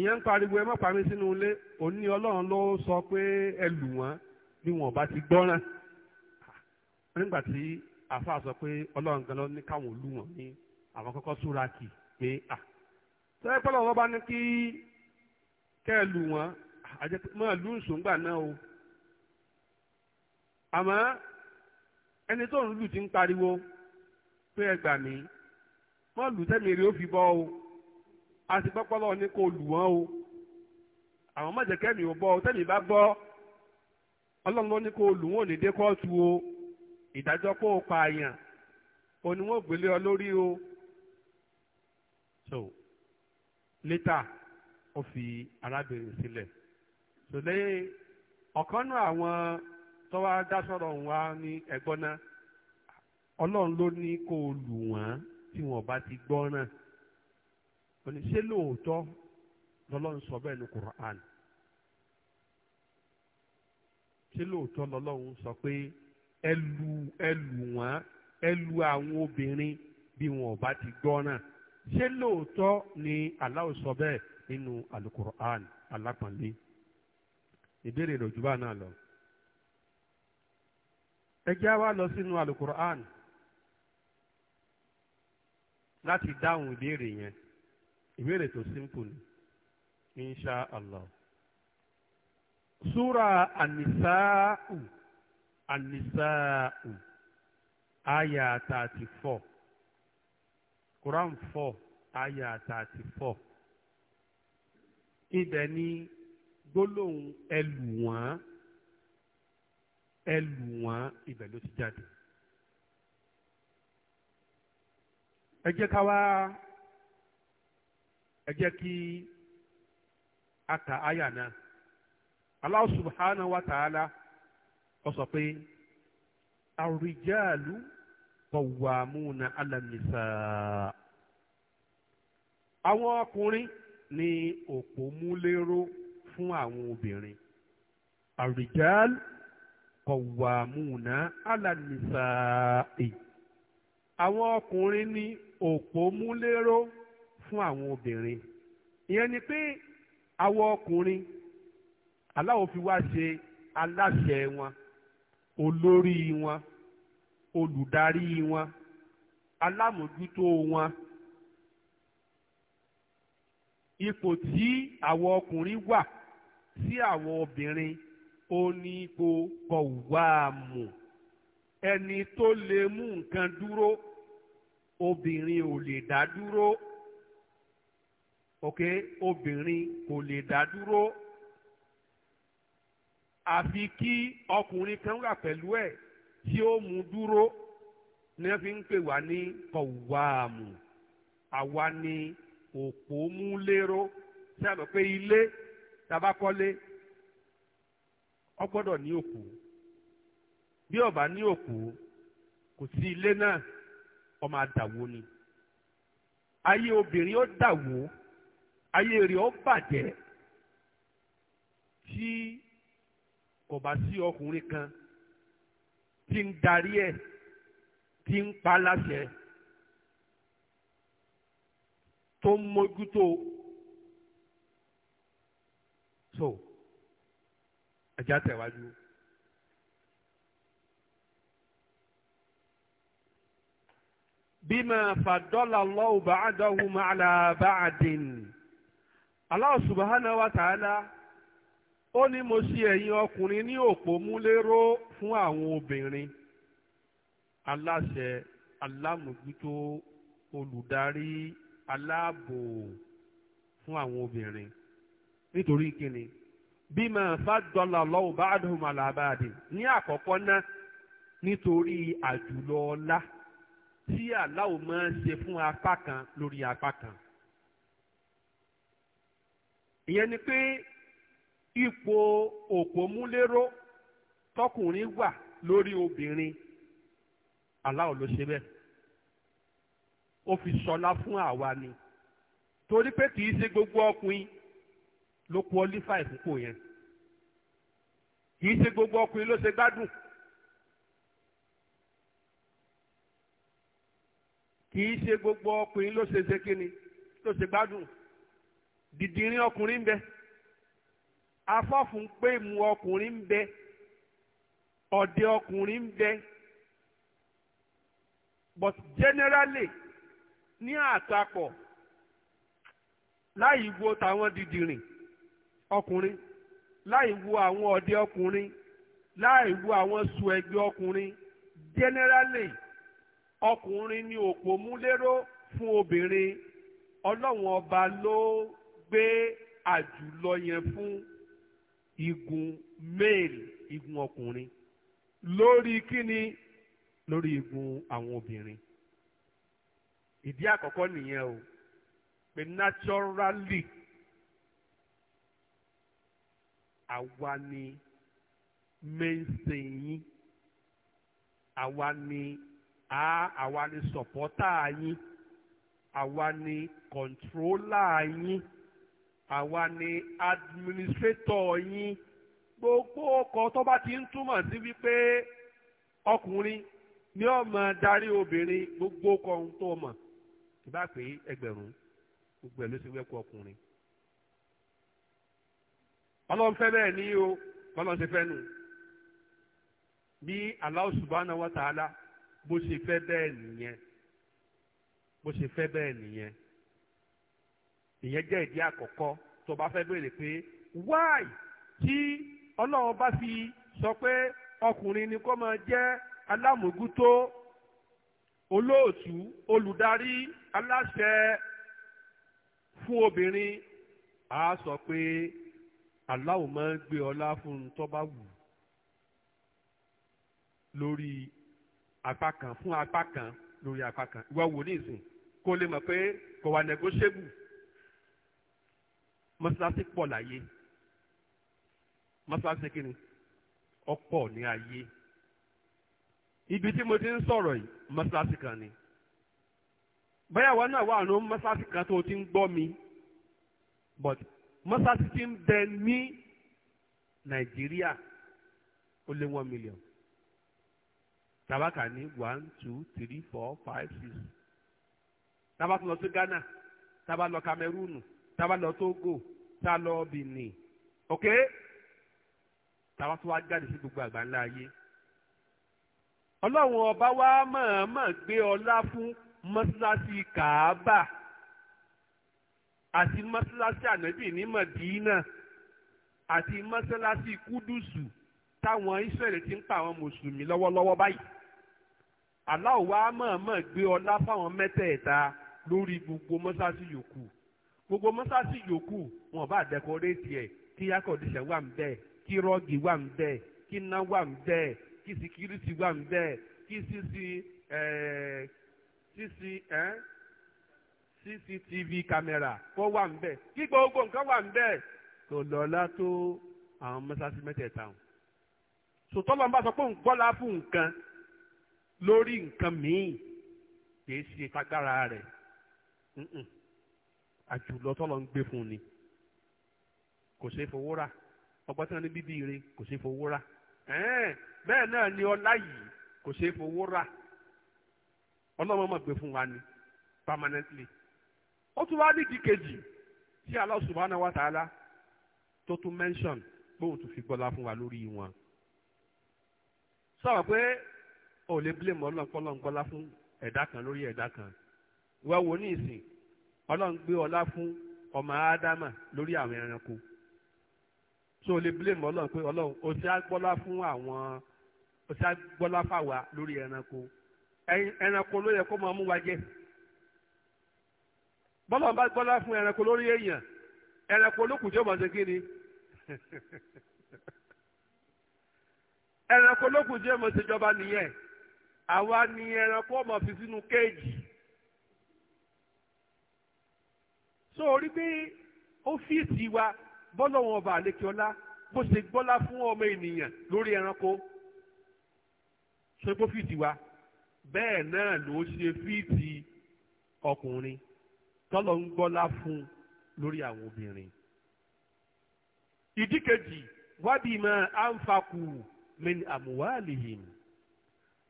ìyẹn ń pariwo ẹ má pa mí sínú ilé òní ọlọ́run ló sọ pé ẹ lù wọ́n bí wọn bá ti gbọ́ràn nígbà tí àfa sọ pé ọlọ́run gan ló ní káwọn lù wọ́n ní àwọn kọ́kọ́ súra kì pé à sẹ́yìn pẹ́lú ọ̀rọ̀ bá ní kí kẹ́ ẹ lù wọ́n àjẹpẹ́ mọ́ lù ń náà o àmọ́ ẹni tó ń lù ti ń pariwo pé ẹ gbà mí mọ́ lù tẹ́mi rí ó fi bọ́ o àti pọ́pọ́lọ́ ní kò lù wọ́n o àwọn mọ̀jẹ̀kẹ́mi ò gbọ́ ọ tẹ́mi bá gbọ́ ọlọ́run ló ní kò lù wọ́n ò ní dé kóòtù o ìdájọ́ kó o pààyàn o ní wọ́n gbélé ọ lórí o so lẹ́tà ó fi arábìnrin sílẹ̀ so lẹ́yìn ọ̀kan náà àwọn tó wá dá sọ̀rọ̀ wa ní ẹ̀gbọ́n náà ọlọ́run ló ní kó o lù wọ́n tí wọ́n bá ti gbọ́ òní ṣé lóòótọ́ lọ́lọ́run sọ bẹ́ẹ̀ ní Qur'an ṣé lóòótọ́ lọ́lọ́run sọ pé ẹ lu ẹ lù wọ́n ẹ lu àwọn obìnrin bí wọn ò bá ti gbọ́ náà ṣé lóòótọ́ ni Allah sọ bẹ́ẹ̀ nínú alukur'an alápọ̀nlé ìbéèrè lòjúbà náà lọ. ẹ já wa lọ sínú alukur'an láti dáhùn ìbéèrè yẹn ìbéèrè tó simple ni insha allah súra ànisáàù ànisáàù àyà thirty four quran four àyà thirty four ibẹ̀ ni gbólóhùn ẹlù wọ́n ẹlù wọ́n ibẹ̀ ló ti jáde ẹ jẹ́ ká wá ẹ jẹ́ kí a ka àyà náà Allah subhanahu wa ta'ala ó sọ pé àrùjálù kọ̀wàmúna alàmìsà àwọn ọkùnrin ni òpó múléró fún àwọn obìnrin àrùjálù na alàmìsà àwọn ọkùnrin ni òpó múléró fún àwọn obìnrin ìyẹn ni pé àwọn ọkùnrin aláwo fi wá ṣe aláṣẹ wọn olórí wọn olùdarí wọn alámòjútó wọn ipò tí àwọn ọkùnrin wà sí àwọn obìnrin ó ní ipò kọ̀wáàmù ẹni tó lè mú nǹkan dúró obìnrin ò lè dá dúró. ok obìnrin kò lè dá dúró àfi kí ọkùnrin kan wà pẹ̀lú ẹ̀ tí ó mú dúró ni wọ́n fi ń pè wá ní kọ̀wáàmù àwa ni òpó mú lérò tí a pé ilé tabakọ́lé ó ní òpó bí ní òpó kò sí ilé náà ni ayé rẹ̀ ó bàjẹ́ tí kò bá sí ọkùnrin kan tí ń darí ẹ̀ tí ń pa láṣẹ tó ń mójútó so ẹja tẹ̀wájú. bima fadola Allahu ba'dahum ala ba'din. Allah subhanahu wa ta'ala ó ní mo ṣe ẹ̀yin ọkùnrin ní òpómúléró fún àwọn obìnrin aláṣẹ alámòjútó olùdarí aláàbò fún àwọn obìnrin nítorí kíni bima faddala Allahu ba'dahum ala ba'din ní àkọ́kọ́ náà nítorí àjùlọ ọlá tí Allah máa ń ṣe fún apá kan lórí apá kan ìyẹn ni pé ipò òpómúléró tọkùnrin wà lórí obìnrin aláwọ̀ ló ṣe bẹ́ẹ̀ ó fi sọlá fún àwa ni torí pé kì í ṣe gbogbo ọkùnrin ló qualify fúnpò yẹn kì í ṣe gbogbo ọkùnrin ló ṣe gbádùn kì í ṣe gbogbo ọkùnrin ló ṣe ṣe kíni ló ṣe gbádùn. dìdìrín ọkùnrin ń bẹ afọ́fun pé mu ọkùnrin ń bẹ ọ̀dẹ ọkùnrin ń bẹ but generally ní àtakọ̀ láì wo tàwọn dìdìrín ọkùnrin láì wo àwọn ọ̀dẹ ọkùnrin láì wo àwọn sùn ẹgbẹ́ ọkùnrin generally ọkùnrin ni òpó mú fún obìnrin ọlọ́wọ̀n ọba ló. Lo gbé àjùlọ yẹn fún igun male igun ọkùnrin lórí kíni lórí igun àwọn obìnrin ìdí àkọ́kọ́ nìyẹn o pé naturally àwa ni mainstay yín àwa ni a àwa ni supporter yín àwa ni controller yín àwa ni administrétọ̀ yín gbogbo ọkọ̀ tó bá ti ń túmọ̀ sí wípé ọkùnrin ni ó máa darí obìnrin gbogbo ọkọ̀ ohun tó mọ̀ ìbá pé ẹgbẹ̀rún gbogbo ẹ̀ ló ti wẹ́kọ̀ ọkùnrin. ọlọ́run fẹ́ bẹ́ẹ̀ ní o ọlọ́run ti fẹ́ nù bí Allah subhanahu wa ta'ala bó ṣe fẹ́ bẹ́ẹ̀ nìyẹn bó ṣe fẹ́ bẹ́ẹ̀ nìyẹn ìyẹn jẹ́ ìdí àkọ́kọ́ tó bá fẹ́ béèrè pé why tí ọlọ́run bá fi sọ pé ọkùnrin ni kó máa jẹ́ alámòójútó olóòtú olùdarí aláṣẹ fún obìnrin a sọ pé aláwo máa ń gbé ọlá fún un tó bá wù lórí apá kan fún apá kan lórí apá kan ìwà wò ní ìsìn kó lè mọ̀ pé kò wà negotiable mọ́ṣáláṣí pọ̀ láyé mọ́ṣáláṣí kí ni ọ̀pọ̀ ní ayé ibi tí mo ti ń sọ̀rọ̀ yìí mọ́ṣáláṣí kan ni bẹ́ẹ̀ wọn náà wà ní mọ́ṣáláṣí kan tó ti ń gbọ́ mi but mọ́ṣáláṣí ti ń bẹ ní nàìjíríà ó lé one million tabaka ní one two three four five six tábà tún lọ sí ghana tábà lọ kamẹrúùnù tá a bá lọ Tógò tá a lọ Benin ok táwa tó wá jáde sí gbogbo àgbáńlá ayé ọlọ́run ọba wa mọ̀ọ́mọ̀ gbé ọlá fún mọ́ṣáláṣí Kàábà àti mọ́ṣáláṣí ànábì ní Mọ̀dínà àti mọ́ṣáláṣí Kúdùsù táwọn Ísírẹ́lì ti ń pa àwọn mùsùlùmí lọ́wọ́lọ́wọ́ báyìí aláwọ̀ wa mọ̀ọ́mọ̀ gbé ọlá fáwọn mẹ́tẹ̀ẹ̀ta lórí gbogbo mọ́ṣáláṣí yòókù gbogbo mọ́sáàsì yòókù wọn bá dẹkọrétì ẹ̀ kí akọ̀díṣẹ́ wà ń bẹ̀ kí rọ́ọ̀gì wà ń bẹ̀ kí iná wà ń bẹ̀ kí síkírìtì wà ń bẹ̀ kí sísí ẹ̀ sísí ẹ̀ cctv kámẹ́rà kó wà ń bẹ̀ kí gbogbo nǹkan wà ń bẹ̀ kò lọ́lá tó àwọn mọ́sáàsì mẹ́tẹ̀ẹ̀ta wọn. sòtọ́lọ́ ń bá sọ pé ń gbọ́lá fún nǹkan lórí nǹkan míì kì í ṣe tagbára rẹ̀ àjùlọ tọ́lọ ń gbé fún ni kò ṣeé fowó rà ọgbọ́n tí wọ́n ní bíbí ire kò ṣeé fowó rà bẹ́ẹ̀ náà ni ọlá yìí kò ṣeé fowó rà ọlọ́run máa gbé fún wa ni permanently ó tún wá nídìí kejì tí Allah subhanahu wa ta'ala tó tún mention pé òun tún fi gbọ́lá fún wa lórí wọn sọ̀rọ̀ pé ò lè blame ọlọ́nkọ́lọ́nkọ́lá fún ẹ̀dá kan lórí ẹ̀dá kan ìwà wo ní ìsìn ọlọ́run gbé ọlá fún ọmọ ádámà lórí àwọn ẹranko so o lè blame ọlọ́run pé ọlọ́run o ti agbọ́lá fún àwọn o ti agbọ́lá fáwa lórí ẹranko ẹranko ló yẹ kó máa mú wa jẹ bọ́lá bá gbọ́lá fún ẹranko lórí èèyàn ẹranko ló kù tí ó mọ̀ sí kí ni ẹranko ló kù tí ó mọ̀ sí ìjọba nìyẹn àwa ni ẹranko ọmọ fi sínú kéèjì. so orí pé ọ́fíìsì wa bọ́lọ́wọ́n ọba àlekíọ́lá bó ṣe gbọ́lá fún ọmọ ènìyàn lórí ẹranko ṣe gbó fíìsì wa bẹ́ẹ̀ náà ló ṣe fíìsì ọkùnrin tọ́lọ̀ ń gbọ́lá fún lórí àwọn obìnrin. ìdí kejì wádìí máa àǹfààkù min àmúwáàlìhìn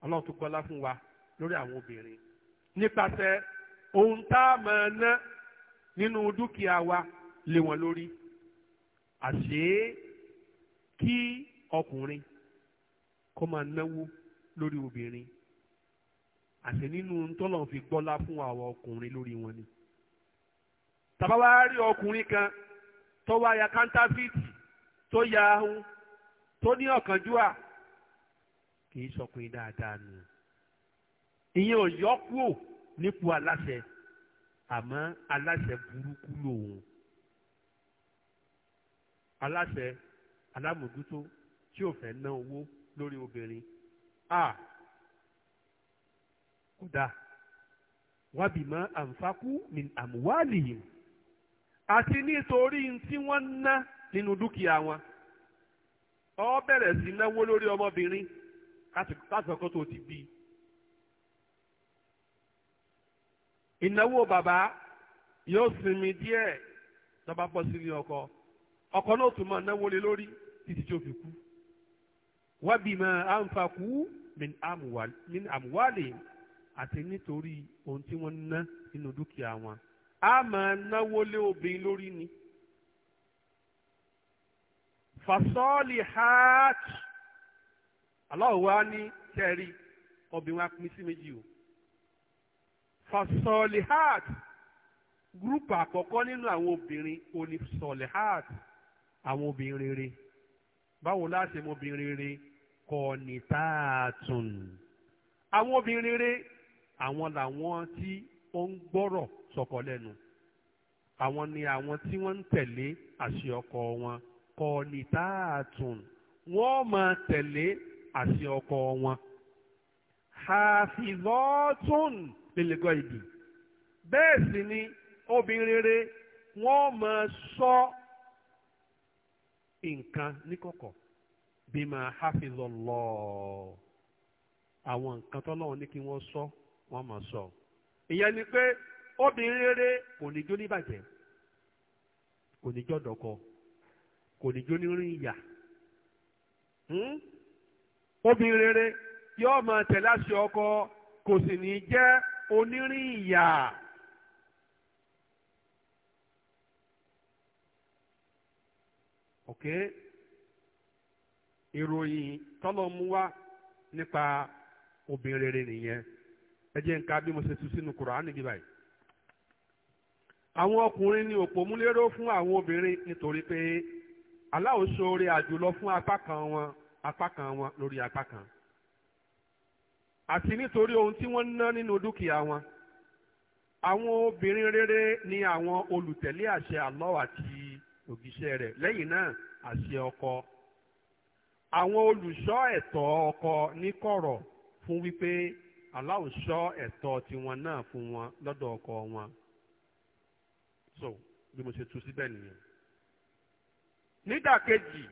ọlọ́run tó gbọ́lá fún wa lórí àwọn obìnrin nípasẹ̀ ohun tá a máa ná nínú dúkìá wa lé wọn lórí àṣé kí ọkùnrin kó máa náwó lórí obìnrin àṣé nínú tọ́lọ̀ fi gbọ́lá fún àwọn ọkùnrin lórí wọn ni tàbá rí ọkùnrin kan tó wá ya kántáfíìtì tó ya ahun tó ní ọ̀kánjúwà kì í sọkùnrin dáadáa nù ìyẹn ò yọ kúò nípò aláṣẹ àmọ́ aláṣẹ burúkú lòun aláṣẹ alámòjútó tí ò fẹ́ ná owó lórí obìnrin a kódà wábìmọ̀ àǹfààkú min àmúwálìyìn àti nítorí tí wọ́n ń ná nínú dúkìá wọn ọ bẹ̀rẹ̀ sí náwó lórí ọmọbìnrin kásìkò tó ti bí ìnáwó bàbá yóò sinmi díẹ̀ tọ́ba bọ́ sílé ọkọ ọkọ náà tún máa náwó lé lórí títí tí ó fi kú wọ́n bí mọ́ àǹfààkú min àmúwálè àti nítorí ohun tí wọ́n ná nínú dúkìá wọn a máa náwó lé obìnrin lórí ni. fasọ́ọ̀lì hajj aláwọ̀ wa ní kẹrí obìnrin wa méjì o fasolihat gúrúùpù àkọ́kọ́ nínú àwọn obìnrin òní solihat àwọn obìnrin rere báwo láti mọ obìnrin rere kọ́ni táàtùn àwọn obìnrin rere àwọn làwọn tí ó ń gbọ́rọ̀ sọkọ lẹ́nu àwọn ni àwọn tí wọ́n ń tẹ̀lé àṣẹ wọn kọ́ni wọ́n máa tẹ̀lé àṣẹ ọkọ wọn hafizọ́tún lélẹ́gọ́ ìbì bẹ́ẹ̀ sì ni obìnrin rere wọ́n máa sọ nǹkan níkọ̀kọ̀ bí máa hafizọ lọ àwọn nǹkan tọ́lọ́wọ́n ní kí wọ́n sọ wọ́n máa sọ ìyẹn ni pé obìnrin kò ní jó níbàjẹ́ kò ní kò ní jó ọkọ kò sì onírìn ìyà ok ìròyìn tọ́lọ́mú wá nípa obìnrin rere nìyẹn ẹ jẹ́ nǹkan bí mo ṣe tu sínú Kùránì bí báyìí àwọn ọkùnrin ni òpómúléró fún àwọn obìnrin nítorí pé aláwòsóore àjùlọ fún apá kan wọn apá kan wọn lórí apá kan. àti nítorí ohun tí wọ́n ná nínú dúkìá wọn àwọn obìnrin rere ni àwọn olùtẹ̀lé àṣẹ Allah àti ògìṣẹ́ rẹ̀ lẹ́yìn náà àṣẹ ọkọ àwọn olùṣọ́ ẹ̀tọ́ ọkọ níkọ̀rọ̀ fún wípé Allah ṣọ́ ẹ̀tọ́ tiwọn náà fún wọn lọ́dọ̀ ọkọ wọn so bí mo ṣe tu síbẹ̀ nìyẹn nídàkejì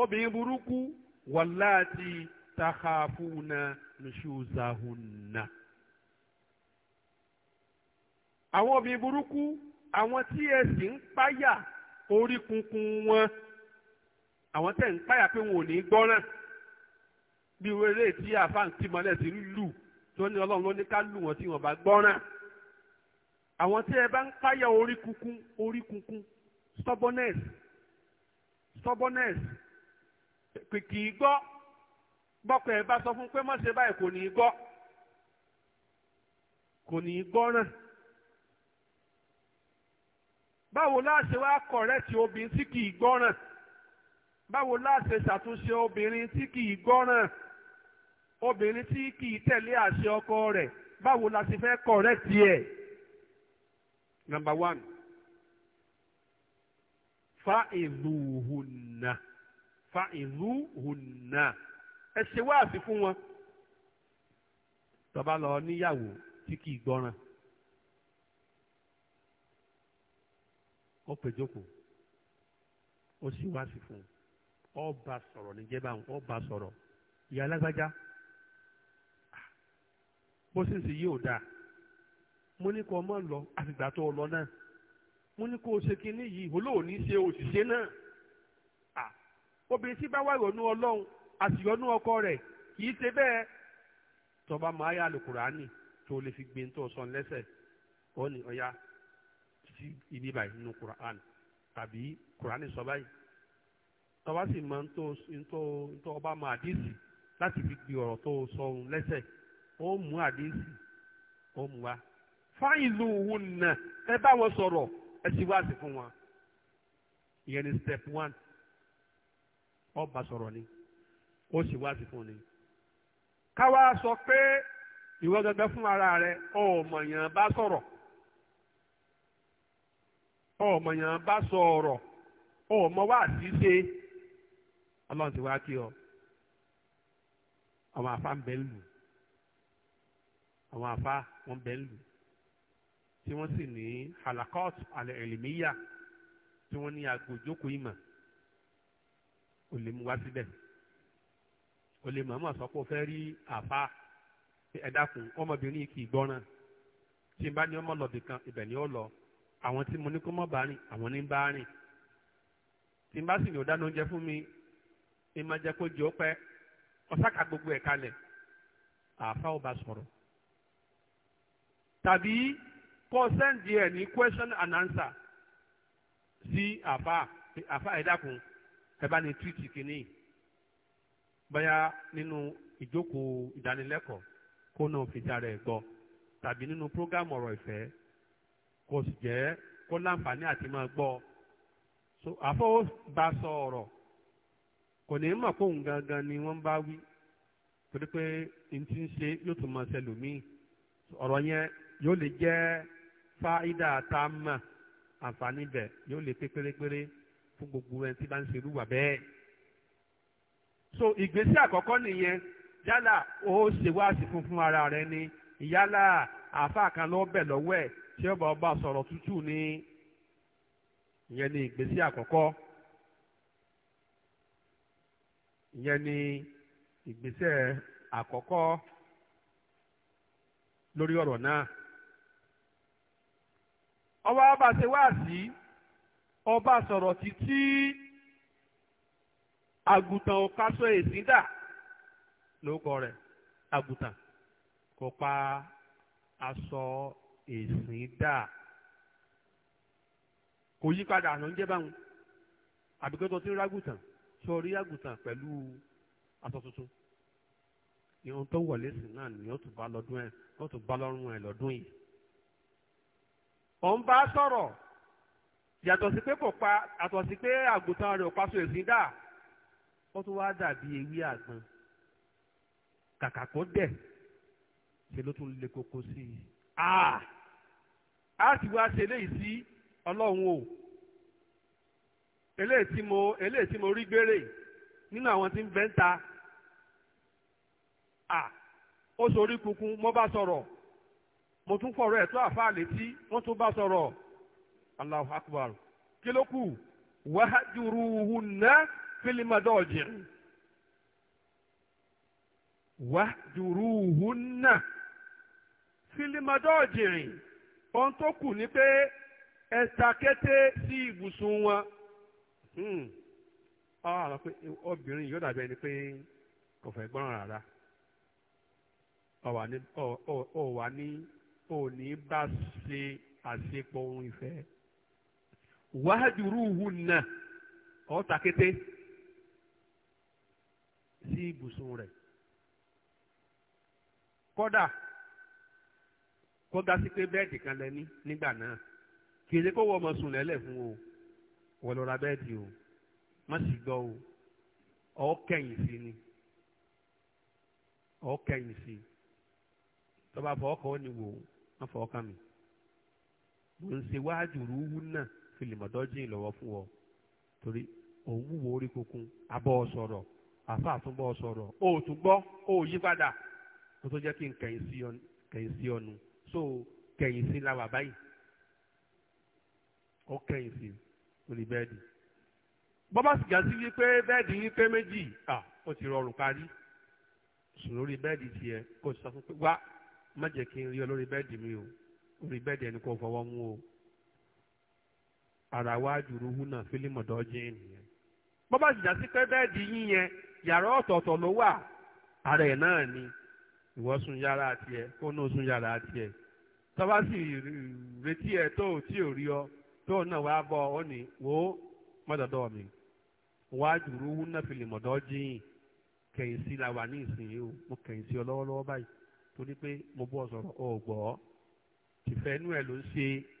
obìnrin burúkú wàláàtì tàkàfùnà nuṣuzahunna. àwọn obìnrin burúkú àwọn tí ẹ̀sìn ń páyà orí kunkun wọn àwọn tẹ̀ ń páyà pé wọn ò ní gbọ́ràn bí irú eré tí àfáà ń tì mọ́lẹ̀ sí lù tó ní ọlọ́run ló ní ká lù wọ́n tí wọ́n bá gbọ́ràn àwọn tí ẹ bá ń páyà orí kunkun orí kunkun stubbornness stubbornness kìkì gbọ́ bọ́kọ ẹ̀ bá sọ fún pé má ṣe báyìí kò ní í gbọ́ kò ní í gbọ́ náà báwo láṣẹ wá kọ̀rẹ́tì obìnrin tí kì í gbọ́ràn báwo láṣẹ ṣàtúnṣe obìnrin tí kì í náà obìnrin tí kì í tẹ̀lé àṣẹ ọkọ rẹ̀ báwo la ṣe fẹ́ kọ̀rẹ́tì ẹ̀. number one fa ìlú hùnà fa ìlú hùnà. ẹ ṣe wáàsí fún wọn tó bá lọ níyàwó tí kì í gbọ́ràn ó pè jókòó ó sì wáàsí fún un ó bá sọ̀rọ̀ níjẹ́ báwọn ó bá sọ̀rọ̀ ìyá alágbájá bó sì ń sì yí ò dáa mo ní kó o mọ̀ lọ àtìgbà tó o lọ náà mo ní kó o ṣe kinní yìí olóòní ṣe òṣìṣẹ́ náà obìnrin tí bá wà ronú ọlọ́run àtìyọnú ọkọ rẹ̀ kì í ṣe bẹ́ẹ̀ tọba máa yá alukurani tó lè fi gbé tó sọ lẹ́sẹ̀ ó ní ọ̀ya sí ibi báyìí nínú kurani tàbí kurani sọ báyìí tọba sì máa ń tó ń tó ọba máa àdísì láti fi gbé ọ̀rọ̀ tó sọ lẹ́sẹ̀ ó mú àdísì ó mú wa fáìlú òun nà ẹ bá wọn sọ̀rọ̀ ẹ sì wá sí fún wọn ìyẹn ni step one ọba sọ̀rọ̀ ni ó sì wá sí fún ni. káwa sọ pé ìwọ gẹ́gẹ́ fún ara rẹ ọmọọyàn bá sọ̀rọ̀ ọmọọyàn bá sọ ọ̀rọ̀ ọmọ wa sì ṣe Ọlọ́run ti wá kí ọ àwọn afa ń bẹ ń lù àwọn afa wọn bẹ ń lù tí wọ́n sì ní halakot alẹ́ ẹ̀lẹ́míyà tí wọ́n ní agbojókòó ìmọ̀ ò mú wá síbẹ̀. Si o lè màmá sọ pé o fẹ́ rí àfa ẹ dákun ọmọbìnrin kì í gbọ́ràn tí n bá ní ọmọ lọ́bì kan ibẹ̀ ni ó lọ àwọn tí mo ní kó mọ̀ bá rìn àwọn ní bá rìn tí n bá sì ní o oúnjẹ fún mi ẹ máa jẹ́ kó jẹ́ ó pẹ́ ọ̀sáka gbogbo ẹ̀ kalẹ̀ àfa ò bá sọ̀rọ̀ tàbí kó sẹ́ǹdì ní question and answer sí àfa àfa ẹ dákun ẹ bá ní túwìtì kìíní yìí bóyá nínú ìjókòó ìdánilẹ́kọ̀ọ́ kó náà fi dára ẹ̀ gbọ́ tàbí nínú prógámù ọ̀rọ̀ ìfẹ́ kò sì jẹ́ kó láǹfààní àti máa gbọ́ so àfọwọ́ bá sọ ọ̀rọ̀ kò ní mọ̀ kóhùn gangan ni wọ́n bá wí torí pé n ti ń ṣe yóò tún máa ṣẹlòmíì ọ̀rọ̀ yẹn yóò lè jẹ́ fáídà tá a mọ̀ àǹfààní bẹ̀ yóò lè pé pérépéré fún gbogbo ẹni tí bá ń ṣerú wà bẹ́ẹ̀. so ìgbésẹ̀ àkọ́kọ́ nìyẹn yálà ó ṣe wáàsí funfun ara rẹ ni yálà àáfàá kan ló bẹ̀ lọ́wọ́ ẹ̀ tí ọba ọba sọ̀rọ̀ tútù ni ìyẹn ni ìgbésẹ̀ àkọ́kọ́ ìyẹn ni ìgbésẹ̀ àkọ́kọ́ lórí ọ̀rọ̀ náà ọba ọba ṣe wáàsí ọba sọ̀rọ̀ títí. àgùntàn ò ká sọ èsì dà lóko rẹ̀ àgùntàn kò pa aṣọ èsì dà kò yí padà àná ń jẹ́ báwọn àbíkẹ́tọ̀ tí ń rágùtàn sọ rí àgùntàn pẹ̀lú aṣọ tuntun ìhun tó wọlé sí náà ni yóò tún bá lọ́dún ẹ̀ yóò tún bá lọ́rùn ẹ̀ lọ́dún yìí. òun bá sọ̀rọ̀ yàtọ̀ sí pé kò pa àtọ̀ sí pé àgùntàn rẹ̀ ò pa so èsì dà ó tún wá dàbí ewé àgbọn kàkà kó dẹ̀ ṣe ló tún le koko sí i a a sì wá ṣe eléyìí sí ọlọ́run o eléyìí tí mo eléyìí tí mo rí gbére nínú àwọn tí ń bẹ́ ń ta a ó sorí kunkun mo bá sọ̀rọ̀ mo tún fọ̀rọ̀ ẹ̀ tó àfáà létí wọ́n tún bá sọ̀rọ̀ Allahu Akbar kí ló kù wàhájúruhùn náà. في المضاجع واهجروهن في المضاجع ohun tó kù n'ipe sí ibùsùn wọn ọ̀rọ̀ pé obìnrin yóò dàbí ẹni pé kò fẹ́ rárá ọ̀ wà ní ò ní bá ṣe ohun ìfẹ́ wàá hùn náà sí ibùsùn rẹ̀ kódà kódà sí pé bẹ́ẹ̀dì kan lẹ ní nígbà náà kì í ṣe kó wọ́n ọmọ sùn lẹ́lẹ̀ fún o wọ́n lọ ra bẹ́ẹ̀dì o má sì gbọ́ o ọ̀ kẹ̀yìn sí ni ọ̀ kẹ̀yìn sí tọ́ba fọ́ọ̀kọ́ ni wò ó má fọ́ọ̀kà mi mo ń ṣe wájú rúwú náà fi lè mọ̀dọ́jìn lọ́wọ́ fún ọ torí òun wò ó kunkun abọ́ sọ̀rọ̀ àfa àtúnbọ̀ sọ̀rọ̀ o ò o ò kó tó jẹ́ kí n kẹ̀yìn sí so kẹ̀yìn sí la wà báyìí ó kẹ̀yìn sí lórí bẹ́ẹ̀dì bọ́bá sì sí wípé bẹ́ẹ̀dì pé méjì ó ti rọrùn parí sùn lórí bẹ́ẹ̀dì tiẹ̀ kó sọ fún pé wá má jẹ́ kí n rí mi o bẹ́ẹ̀dì ẹni kò fọwọ́ mú o ara wa fílímù nìyẹn bọ́bá sí pé bẹ́ẹ̀dì yàrá ọ̀tọ̀ọ̀tọ̀ ló wà ara ẹ̀ náà ni ìwọ sùn yàrá tiẹ̀ kó náà sùn yàrá tiẹ̀ tọ́ba sì retí ẹ tó ò tí ò rí ọ tó náà wàá bọ̀ ọ ní wò ó mi wàá jùrú wú náà fìlì mọ̀dọ́ jíyìn kẹ̀yìn sí la wà ní ìsinyìí o mo kẹ̀yìn sí ọ lọ́wọ́lọ́wọ́ báyìí torí pé mo bọ́ sọ̀rọ̀ ọ̀ gbọ́ tìfẹ́ inú ẹ̀ ló ń ṣe é.